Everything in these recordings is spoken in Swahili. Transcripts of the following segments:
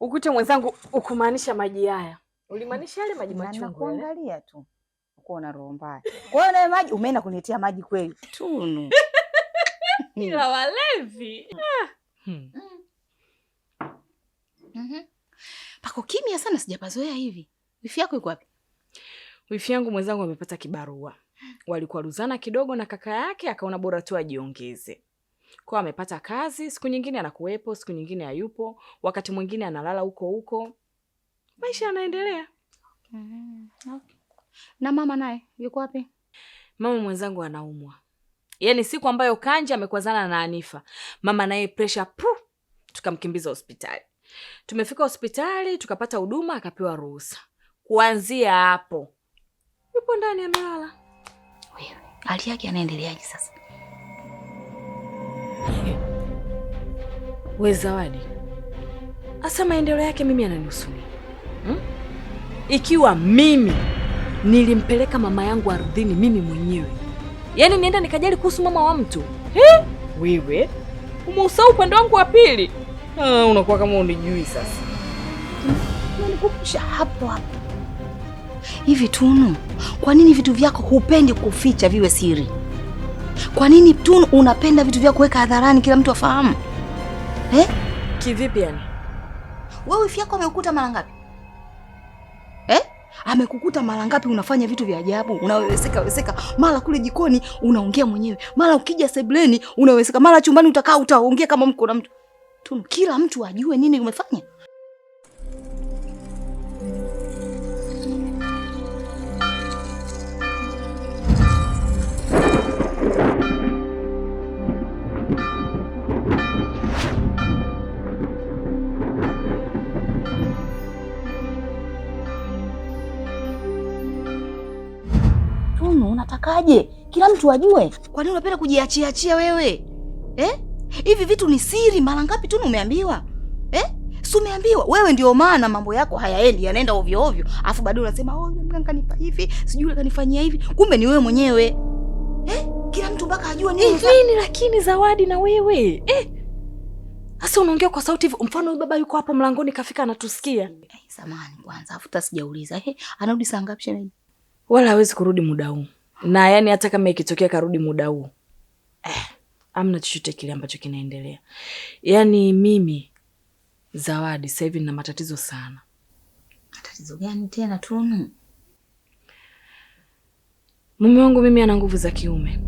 Ukute mwenzangu, ukumaanisha maji haya, ulimaanisha yale maji machungu. kuangalia tu uko na roho mbaya. Kwa hiyo nayo maji umeenda kuniletea maji kweli tunu ila walevi ah. hmm. mm. mhm. pako kimya sana, sijapazoea hivi. Wifi yako iko wapi? Wifi yangu mwenzangu amepata kibarua, walikuwa ruzana kidogo na kaka yake, akaona bora tu ajiongeze kwa amepata kazi, siku nyingine anakuwepo, siku nyingine hayupo, wakati mwingine analala huko huko, maisha yanaendelea. Mm-hmm. na mama naye yuko wapi? Mama mwenzangu anaumwa, yaani siku ambayo Kanja amekwazana na Anifa, mama naye presha pu, tukamkimbiza hospitali. Tumefika hospitali tukapata huduma, akapewa ruhusa. Kuanzia hapo yupo ndani amelala. hali yake sasa? We Zawadi, hasa maendeleo yake mimi yananihusu hmm? Ikiwa mimi nilimpeleka mama yangu ardhini mimi mwenyewe, yaani nienda nikajali kuhusu mama wa mtu He? Wewe umeusahau upande wangu wa pili. Ah, unakuwa kama unijui sasa. Hmm? Nikukusha hapo hapo hivi Tunu, kwa nini vitu vyako hupendi kuficha viwe siri? Kwa nini Tunu unapenda vitu vyako kuweka hadharani kila mtu afahamu? Eh? Kivipi yani? Wewe wifi yako amekukuta mara ngapi? Eh? Amekukuta mara ngapi unafanya vitu vya ajabu, Unaweseka weseka, mara kule jikoni unaongea mwenyewe, mara ukija sebleni unaweseka, mara chumbani utakaa utaongea kama mko na mtu. Tunu, kila mtu ajue nini umefanya. aje? Kila mtu ajue. Kwa nini unapenda kujiachia achia wewe eh? hivi Vitu ni siri. Mara ngapi tu umeambiwa eh? Si umeambiwa wewe, ndio maana mambo yako hayaendi, yanaenda ovyo ovyo, afu baadaye unasema oh, mganga kanipa hivi, sijui yule kanifanyia hivi, kumbe ni wewe mwenyewe eh? Kila mtu mpaka ajue nini hivi ni Lakini Zawadi, na wewe eh? Sasa unaongea kwa sauti hivyo, mfano baba yuko hapo mlangoni kafika anatusikia. Eh, samahani kwanza, afuta sijauliza. Eh, anarudi saa ngapi shemeji? Wala hawezi kurudi muda huu na yani hata kama ikitokea karudi muda huo eh, amna chochote kile ambacho kinaendelea. Yani mimi Zawadi sasa hivi nina matatizo sana. Matatizo gani tena Tunu? Mume wangu mimi ana nguvu za kiume,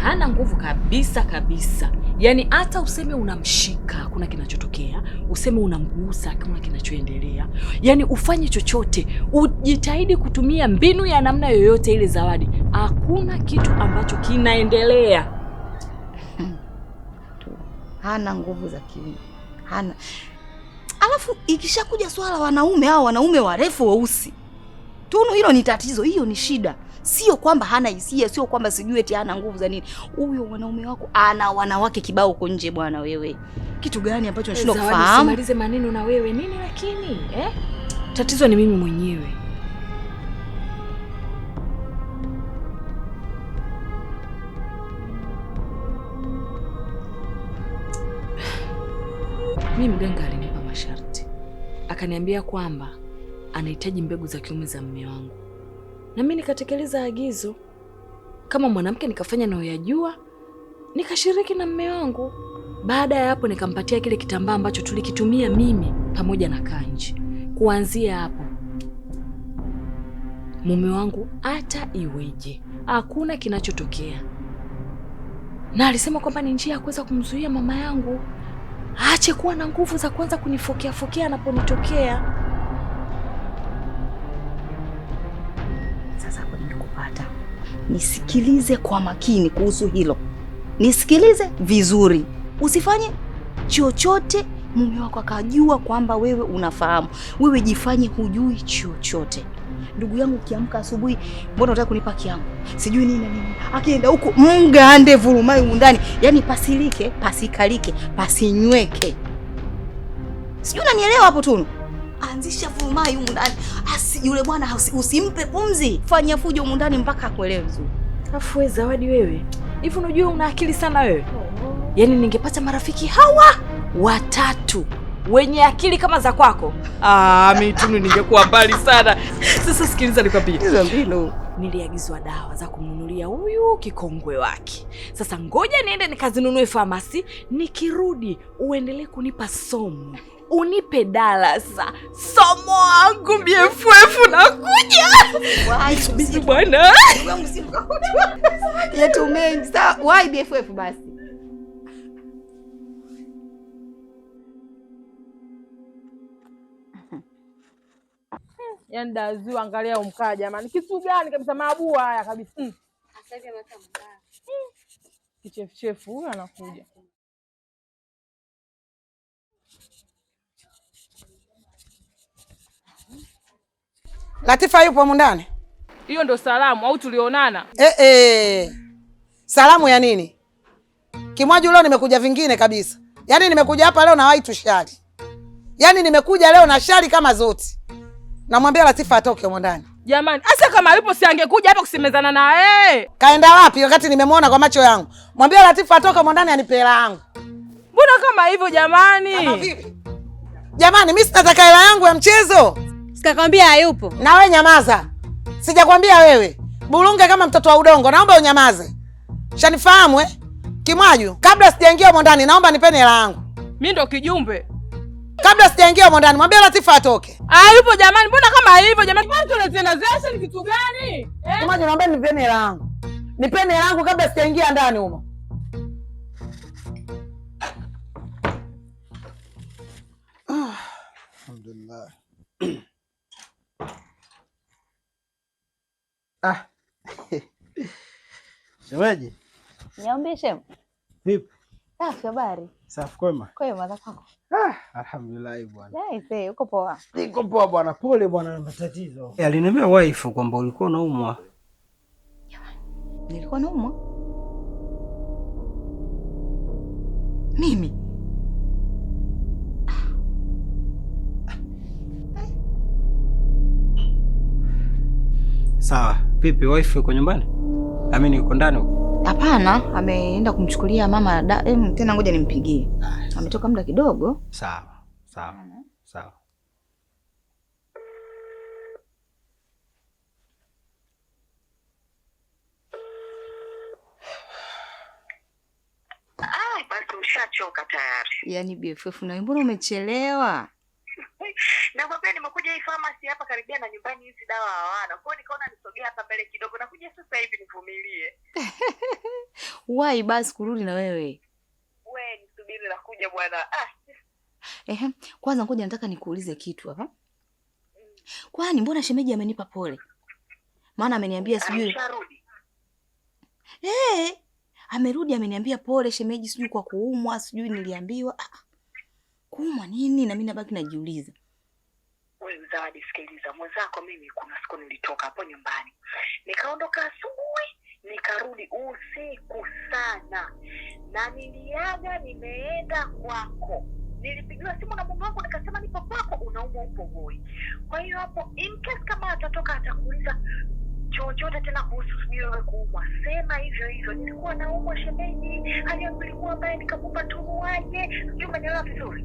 hana nguvu kabisa kabisa yani hata useme unamshika hakuna kinachotokea, useme unamgusa hakuna kinachoendelea. yani ufanye chochote, ujitahidi kutumia mbinu ya namna yoyote ile, Zawadi, hakuna kitu ambacho kinaendelea. Hana nguvu za kiume, hana. Alafu ikishakuja swala wanaume hao, wanaume warefu weusi, Tunu, hilo ni tatizo, hiyo ni shida. Sio kwamba hana hisia, sio kwamba sijui eti hana nguvu za nini. Huyo mwanaume wako ana wanawake kibao huko nje bwana. Wewe kitu gani ambacho eh, unashindwa kufahamu? Simalize maneno na wewe nini, lakini eh? Tatizo ni mimi mwenyewe. Mimi mganga alinipa masharti, akaniambia kwamba anahitaji mbegu za kiume za mume wangu na mimi nikatekeleza agizo kama mwanamke, nikafanya nayoyajua, nikashiriki na mme wangu. Baada ya hapo, nikampatia kile kitambaa ambacho tulikitumia mimi pamoja na Kanji. Kuanzia hapo mume wangu hata iweje, hakuna kinachotokea, na alisema kwamba ni njia ya kuweza kumzuia mama yangu aache kuwa na nguvu za kuanza kunifokea fokea anaponitokea. nisikilize kwa makini kuhusu hilo, nisikilize vizuri, usifanye chochote mume wako akajua kwamba wewe unafahamu. Wewe jifanye hujui chochote. Ndugu yangu, ukiamka asubuhi, mbona unataka kunipa kiangu sijui nini na nini, akienda huko mgande vurumai undani, yaani pasilike, pasikalike, pasinyweke, sijui unanielewa hapo Tunu? anzisha vurumai humu ndani, asi yule bwana usimpe pumzi, fanya fujo humu ndani mpaka akuelewe vizuri. Afu we Zawadi, wewe hivi unajua una akili sana wewe. Yaani ningepata marafiki hawa watatu wenye akili kama za kwako, ah, mimi tu ningekuwa mbali sana. Sasa sikiliza nikwambie niliagizwa dawa za kumnunulia huyu kikongwe wake. Sasa ngoja niende nikazinunue famasi, nikirudi uendelee kunipa somo, unipe darasa. Somo wangu BFF nakuja bwana yetu mengi. Sawa, wai BFF basi yani dazi, angalia umkaa jamani, kitu gani kabisa, mabua haya kabisa mm. Eh. Kichefuchefu huyo anakuja Latifa yupo mundani? Hiyo ndo salamu au tulionana? E, e. Salamu ya nini? Kimwaju, leo nimekuja vingine kabisa. Yaani nimekuja hapa leo na waitu shari Yaani nimekuja leo na shari kama zote. Namwambia Latifa atoke humo ndani. Jamani, hasa kama yupo si angekuja hapa kusemezana na wewe. Kaenda wapi wakati nimemwona kwa macho yangu? Mwambia Latifa atoke humo ndani anipe hela yangu. Mbona kama hivyo jamani? Kama Jamani, mimi sitataka hela yangu ya mchezo. Sikakwambia hayupo. Na wewe nyamaza. Sijakwambia wewe. Burunge kama mtoto wa udongo. Naomba unyamaze. Shanifahamu eh? Kimwaju, kabla sijaingia humo ndani naomba nipeni hela yangu. Mimi ndo kijumbe. Kabla sijaingia humo ndani, mwambie Latifa atoke. Ah, yupo jamani, mbona kama hivyo jamani? Kwani tuna tena zesha ni kitu gani? Eh? Maji naomba nipeni hela yangu. Nipeni hela yangu kabla sijaingia ndani humo. Alhamdulillah. Ah. Shemeji. Niambie shem. Vipi? Safi habari. Safi kwema. Kwema za kwako. Ah, alhamdulillah bwana. Nice, eh, uko poa? Niko poa bwana. Pole bwana na matatizo. Eh, aliniambia wife kwamba ulikuwa unaumwa. Nilikuwa naumwa? Mimi. Sawa, vipi wife uko nyumbani? Amini uko ndani huko? Hapana, ameenda kumchukulia mama da, em, tena ngoja nimpigie. Ametoka muda kidogo. Sawa, sawa, sawa. Ah, Basi ushachoka tayari. Yaani BFF na mbona umechelewa? nakwambia nimekuja hii famasi hapa karibia na nyumbani hizi dawa hawana kwao nikaona nisogea hapa mbele kidogo nakuja sasa hivi nivumilie wai basi kurudi na wewe we nisubiri nakuja bwana ah. Ehe, kwanza ngoja nataka nikuulize kitu hapa mm. kwani mbona shemeji amenipa pole maana ameniambia sijui hey, eh, amerudi ameniambia pole shemeji sijui kwa kuumwa sijui niliambiwa ah nasukumwa nini, na mimi nabaki najiuliza. Wewe Zawadi, sikiliza mwenzako, mimi kuna siku nilitoka hapo nyumbani nikaondoka asubuhi nikarudi usiku sana, na niliaga nimeenda kwako. Nilipigiwa simu na mume wangu nikasema nipo kwako, unaumwa upo hoi. Kwa hiyo hapo, in case kama atatoka atakuuliza chochote tena kuhusu sijui wewe kuumwa, sema hivyo hivyo, nilikuwa naumwa shemeji, hali yangu ilikuwa mbaya, nikakupa waje, sijui umeelewa vizuri.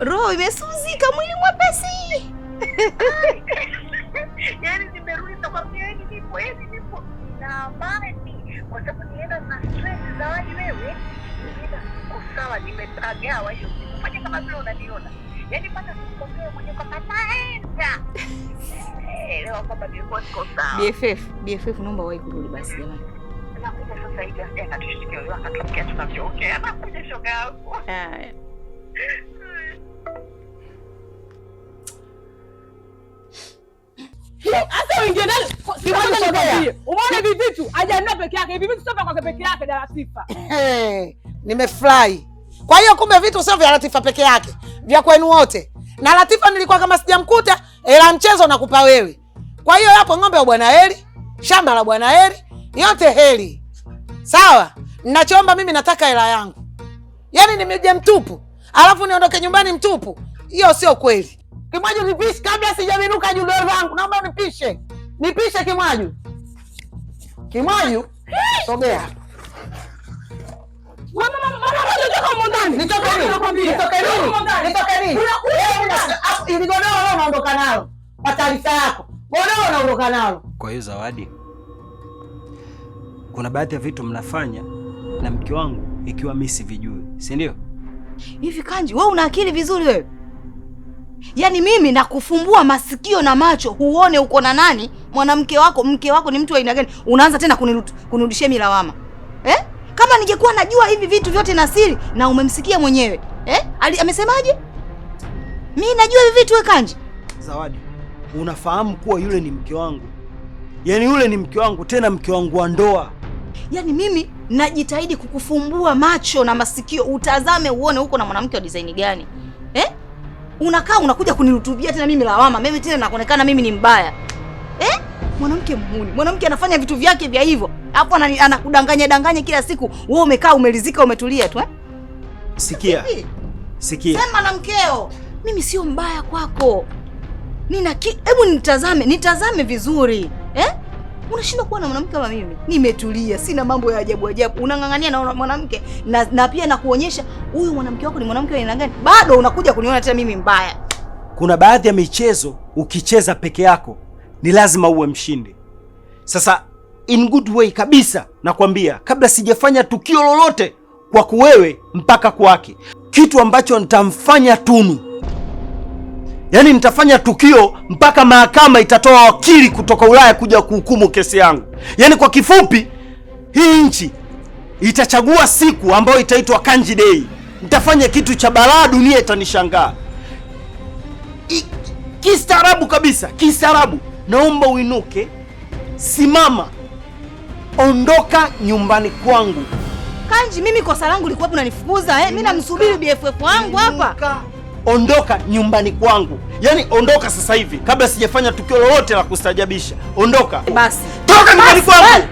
roho imesuzika, mwili mwepesi yani nimerudi nitakwambia, yani nipo, yani nipo na amani, kwa sababu nienda na stress. wewe, nienda hiyo kama vile unaniona, yani mpaka kwamba naenda elewa kwamba nilikuwa sawa. BFF, BFF, naomba wahi kurudi basi jamani. Nakuja sasa hivi, tunavyoongea, nakuja shoga yangu. Hasa Umeona hivi vitu? peke yake. Hivi vitu sio kwa kwake peke yake Latifa. Eh, nimefurahi. Kwa hiyo kumbe vitu sio vya Latifa peke yake, vya kwenu wote. Na Latifa nilikuwa kama sijamkuta, hela mchezo nakupa wewe. Kwa hiyo hapo ng'ombe wa Bwana Heri, shamba la Bwana Heri, yote heri. Sawa? Ninachoomba mimi nataka hela yangu. Yaani nimeje mtupu, alafu niondoke nyumbani mtupu. Hiyo sio kweli. Kimwaju, nipishe kabla sijaminuka juu langu, naomba nipishe, nipishe Kimwaju. Kimwaju, sogea ili godoro nalo, kwa taarifa yako, godoro unaondoka nalo. Kwa hiyo Zawadi, kuna baadhi ya vitu mnafanya na mke wangu ikiwa mimi sivijui, si ndio? Hivi Kanji, wewe una akili vizuri wewe Yaani mimi nakufumbua masikio na macho, huone uko na nani mwanamke wako. Mke wako ni mtu wa aina gani? Unaanza tena kunirudishia mimi lawama eh? Kama ningekuwa najua hivi vitu vyote na siri, na umemsikia mwenyewe eh? Ali, amesemaje? Mimi najua hivi vitu wewe Zawadi, unafahamu kuwa yule ni mke wangu, yaani yule ni mke wangu, tena mke wangu wa ndoa. Yaani mimi najitahidi kukufumbua macho na masikio, utazame uone uko na mwanamke wa design gani eh? unakaa unakuja kunirutubia tena mimi lawama, mimi tena nakuonekana mimi ni mbaya eh? Mwanamke mhuni, mwanamke anafanya vitu vyake vya hivyo, alafu anakudanganya danganya kila siku, wewe umekaa umelizika umetulia tu eh? Sikia. Sikia. Sema na mkeo, mimi sio mbaya kwako, nina hebu nitazame, nitazame vizuri Unashindwa kuwa na mwanamke kama mimi? Nimetulia, sina mambo ya ajabu ajabu. Unang'ang'ania na mwanamke na, na pia nakuonyesha huyu mwanamke wako ni mwanamke wa aina gani, bado unakuja kuniona tena mimi mbaya. Kuna baadhi ya michezo ukicheza peke yako ni lazima uwe mshindi. Sasa in good way kabisa nakwambia, kabla sijafanya tukio lolote kwa kuwewe mpaka kwake, kitu ambacho nitamfanya Tunu Yaani nitafanya tukio mpaka mahakama itatoa wakili kutoka Ulaya kuja kuhukumu kesi yangu. Yaani kwa kifupi, hii nchi itachagua siku ambayo itaitwa Kanji Day. Nitafanya kitu cha balaa, dunia itanishangaa. Kistaarabu kabisa, kistaarabu. Naomba uinuke, simama, ondoka nyumbani kwangu. Kanji, mimi kosa langu likuwa unanifukuza eh? Mimi namsubiri BFF wangu hapa. Ondoka nyumbani kwangu, yaani ondoka sasa hivi kabla sijafanya tukio lolote la kustajabisha. Ondoka basi, toka nyumbani kwangu.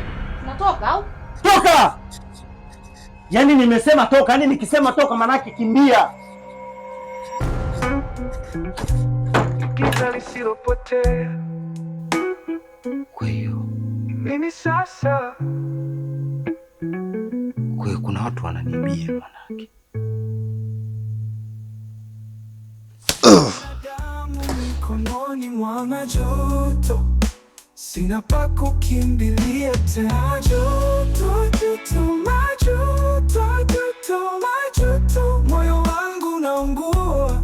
Natoka au toka? Yaani nimesema toka, yaani nikisema toka maana yake kimbia. Giza lisilopotea. Kwa hiyo mimi sasa, kwa hiyo kuna watu wananiibia yake mwana joto, sina pa kukimbilia tena. Joto, joto, majoto, joto, majoto, moyo wangu unaungua,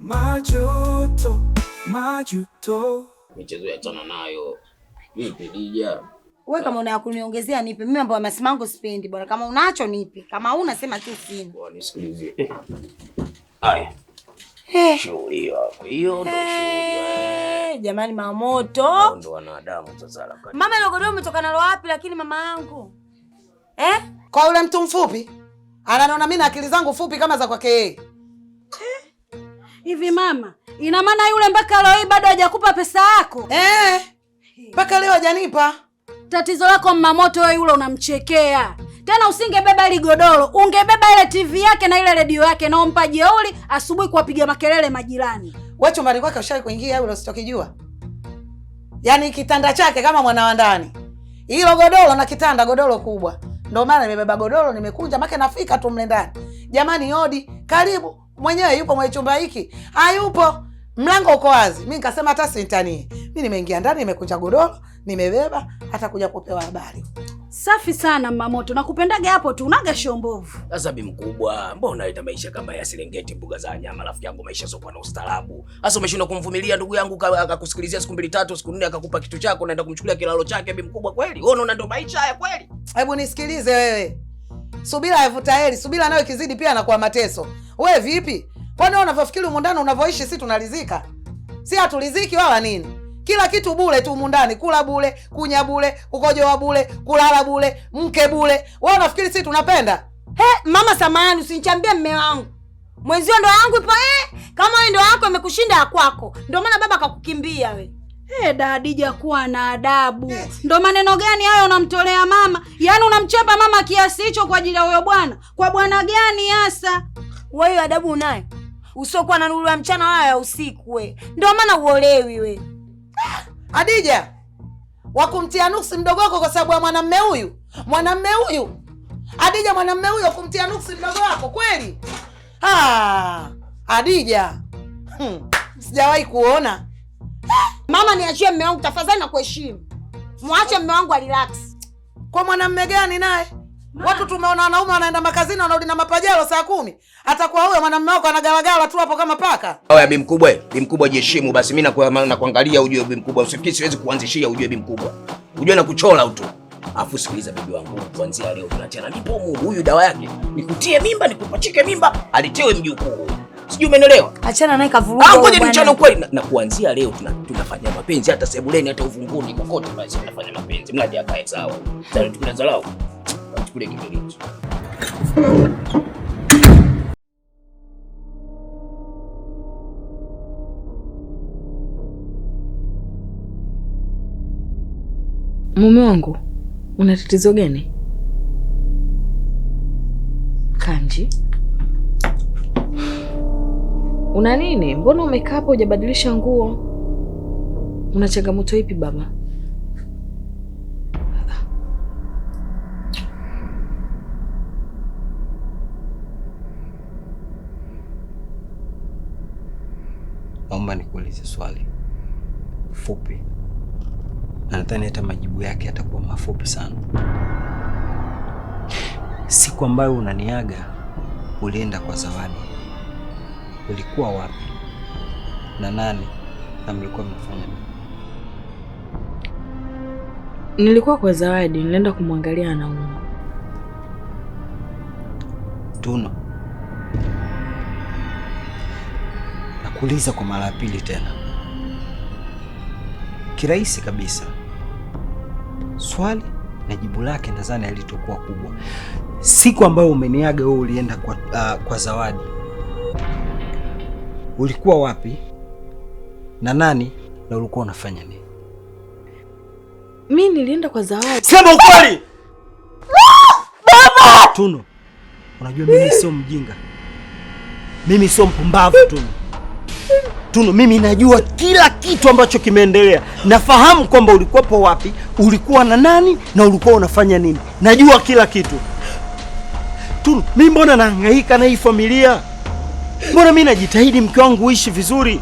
majoto, majuto. Michezo ya tano nayo vipi Dija? Wewe kama una kuniongezea nipe. Mimi mambo ya masimango sipendi bwana. Kama unacho nipe, kama una sema tu sina. Bwana nisikilizie. Eh. Haya. Eh. Shughuli wako hiyo ndo eh. shughuli. Jamani mamoto. Ndo wanadamu sasa Mama logodoo, umetoka nalo wapi lakini mama yangu? Eh? Kwa yule mtu mfupi? Ananiona mimi na akili zangu fupi kama za kwake yeye. Eh? Hivi mama, ina maana yule mpaka leo hii bado hajakupa pesa yako? Eh. Mpaka leo hajanipa. Tatizo lako mmamoto wewe yule unamchekea. Tena usingebeba ile godoro, ungebeba ile TV yake na ile redio yake na umpa jeuri asubuhi kuwapiga makelele majirani. Wewe chumbani kwake ushawahi kuingia au usitokijua? Yaani kitanda chake kama mwana wa ndani. Hilo godoro na kitanda godoro kubwa. Ndio maana nimebeba godoro nimekunja make nafika tu mle ndani. Jamani hodi, karibu. Mwenyewe yupo mwenye chumba hiki. Hayupo. Mlango uko wazi. Mimi nikasema hata sintanie. Mimi nimeingia ndani nimekunja godoro, nimebeba hata kuja kupewa habari. Safi sana Mmamoto, nakupendaga hapo tu, unaga shombovu. Sasa bi mkubwa, mbona unaleta maisha kama ya Serengeti, mbuga za wanyama? Rafiki yangu, maisha sio na ustaarabu. Sasa umeshindwa kumvumilia ndugu yangu, akakusikilizia siku mbili tatu, siku nne, akakupa kitu chako, naenda kumchukulia kilalo chake. Bi mkubwa, kweli wewe unaona ndo maisha haya kweli? Hebu nisikilize wewe, subira yavuta heri. Subira nayo kizidi pia anakuwa mateso. Wewe vipi? Kwani wewe unavyofikiri huko unavyoishi, si tunalizika? Si hatuliziki wala nini? Kila kitu bule tu mundani, kula bule, kunya bule, kukojoa bule, kulala bule, mke bule. Wewe unafikiri sisi tunapenda? He, mama samani, usinichambie mme wangu. Mwenzio ndo wangu ipo eh. Kama wewe ndo wako imekushinda ya kwako. Ndio maana baba akakukimbia wewe. Hey, dadija kuwa na adabu. Ndo maneno gani hayo unamtolea mama? Yaani unamchapa mama kiasi hicho kwa ajili ya huyo bwana? Kwa bwana gani hasa? Wewe adabu unaye? Usiokuwa na nuru ya mchana wala ya usiku we. Ndio maana uolewi we. Adija wakumtia nuksi mdogo wako kwa sababu ya mwanamme huyu, mwanamme huyu Adija, mwanamme huyu wakumtia nuksi mdogo wako kweli? Ah, Adija hmm. Sijawahi kuona mama. Niachie mme wangu tafadhali na kuheshimu, mwache mme wangu alirelax. Kwa mwanamme gani naye? Watu tumeona wanaume wanaenda makazini wanarudi na mapajelo saa kumi. Atakuwa huyo mwanamume wako anagalagala tu hapo kama paka. Oya bi mkubwa, bi mkubwa jiheshimu basi mimi nakuwa na kuangalia ujue bi mkubwa. Usifikiri siwezi kuanzishia ujue bi mkubwa. Ujue na kuchola utu. Afu sikiliza bibi wangu, kuanzia leo tunachana Nipo huyu dawa yake. Nikutie mimba, nikupachike mimba, alitewe mjukuu. Sijui umeelewa? Achana naye kavuruga. Au ah, ngoja nichane kweli na kuanzia leo tuna, tunafanya mapenzi hata sebuleni hata uvunguni kokote basi tunafanya mapenzi. Mradi akae sawa. Sasa tunazalau. Chukulia kipindi hicho. Mume wangu, una tatizo gani? Kanji, una nini? Mbona umekaa hapo hujabadilisha nguo? Una changamoto ipi baba? nadhani hata majibu yake yatakuwa mafupi sana. Siku ambayo unaniaga ulienda kwa Zawadi, ulikuwa wapi na nani na mlikuwa mnafanya nini? Nilikuwa kwa Zawadi, nilienda kumwangalia anaumwa. tuno nakuuliza kwa mara ya pili tena, kirahisi kabisa swali na jibu lake nadhani alitokuwa kubwa. Siku ambayo umeniaga wewe ulienda kwa, uh, kwa Zawadi, ulikuwa wapi na nani na ulikuwa unafanya nini? Mimi nilienda kwa Zawadi. Sema ukweli. Ah, baba! Tunu, unajua mimi sio mjinga, mimi sio mpumbavu Tunu. Tunu, mimi najua kila kitu ambacho kimeendelea. Nafahamu kwamba ulikuwapo wapi, ulikuwa na nani na ulikuwa unafanya nini. Najua kila kitu. Tunu, mimi mbona nahangaika na hii familia? Mbona mimi najitahidi mke wangu uishi vizuri?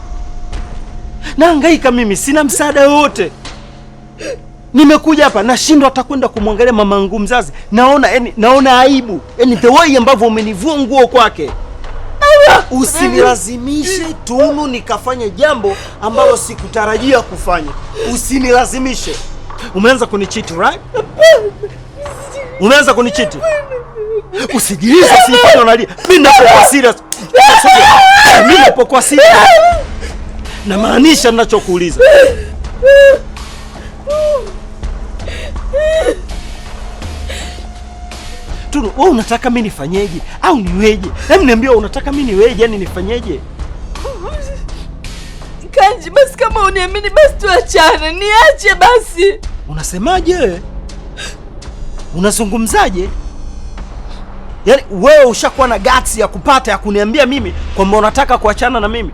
Nahangaika mimi, sina msaada wowote. Nimekuja hapa nashindwa hata kwenda kumwangalia mamangu mzazi. Naona yani, naona aibu. yani, the way ambavyo umenivua nguo kwake. Usinilazimishe Tunu nikafanye jambo ambalo sikutarajia kufanya. Usinilazimishe. Umeanza kunichiti right? Umeanza kunichiti. Usijilize, usifanye unalia. Mimi napokuwa serious. Mimi napokuwa serious. Na maanisha ninachokuuliza. Tunu, wewe unataka mimi nifanyeje au niweje? Hebu niambie unataka mimi niweje, yani nifanyeje? Kanji, basi kama uniamini basi tuachane, niache basi. Unasemaje? Unazungumzaje? Yaani wewe ushakuwa na guts ya kupata ya kuniambia mimi kwamba unataka kuachana na mimi?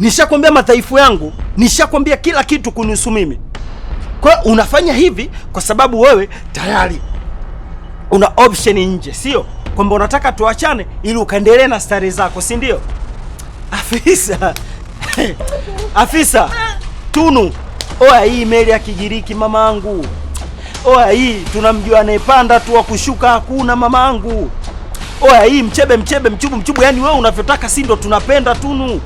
Nishakwambia madhaifu yangu, nishakwambia kila kitu kunihusu mimi. Kwa hiyo unafanya hivi kwa sababu wewe tayari una option nje, sio kwamba unataka tuachane ili ukaendelee na stari zako, si ndio? Afisa, afisa Tunu, oya hii meli ya Kigiriki mamaangu, oya hii tunamjua anayepanda tu, wa kushuka hakuna mamaangu, oya hii mchebe mchebe mchubu mchubu, yani wewe unavyotaka, si ndo tunapenda Tunu.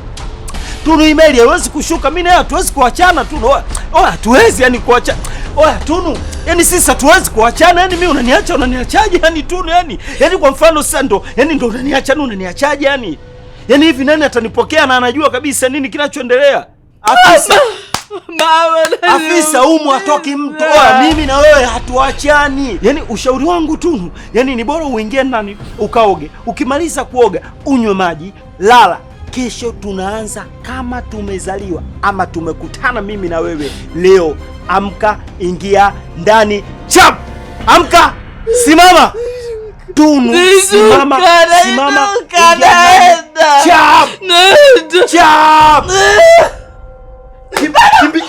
Tunu email haiwezi kushuka, mimi naye hatuwezi kuachana Tunu. Oh, hatuwezi yani kuachana. Oh, Tunu, yani sisi hatuwezi kuachana. Yani mimi unaniacha unaniachaje? Yani Tunu yani. Yani kwa mfano sasa ndo, yani ndo unaniacha na unaniachaje yani? Yani hivi nani atanipokea na anajua kabisa nini kinachoendelea? Afisa. Afisa umu atoki mtu. Oya, mimi na wewe hatuachani. Yani ushauri wangu Tunu, yani ni bora uingie ndani ukaoge, ukimaliza kuoga unywe maji, lala Kesho tunaanza kama tumezaliwa ama tumekutana mimi na wewe leo. Amka, ingia ndani, chap! Amka, simama, tunu, simama, simama, chap, chap, kimbi, kimbi.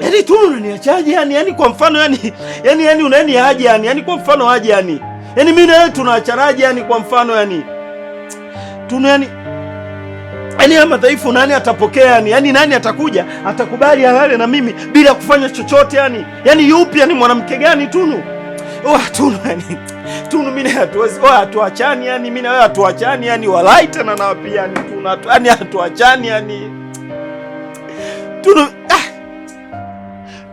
Yaani yani Tunu unaniachaje yani? Yani kwa mfano yani yani yani unaniaje yani? Yani kwa mfano aje yani? Yaani mimi na wewe tunaacharaje? Yani kwa mfano yani tuna yani yani ama dhaifu nani atapokea yani? Yani nani atakuja atakubali halale na mimi bila kufanya chochote yani? Yani yupi yani mwanamke gani Tunu? Oh, Tunu yani Tunu mimi hatuwezi oh, hatuachani yani mimi na wewe hatuachani yani walaita tena na wapi yani Tunu yani hatuachani yani Tunu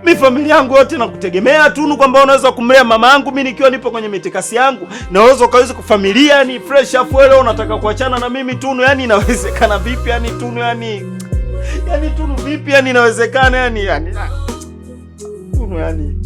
Mi familia yangu yote nakutegemea Tunu, kwamba unaweza kumlea mama yangu mi nikiwa nipo kwenye mitikasi yangu, naweza ukaweza kufamilia ni fresh, afu leo unataka kuachana na mimi Tunu? Yani inawezekana vipi? Yani Tunu, yani yani Tunu vipi? Yani inawezekana yani yani yaani, yaani, Tunu yani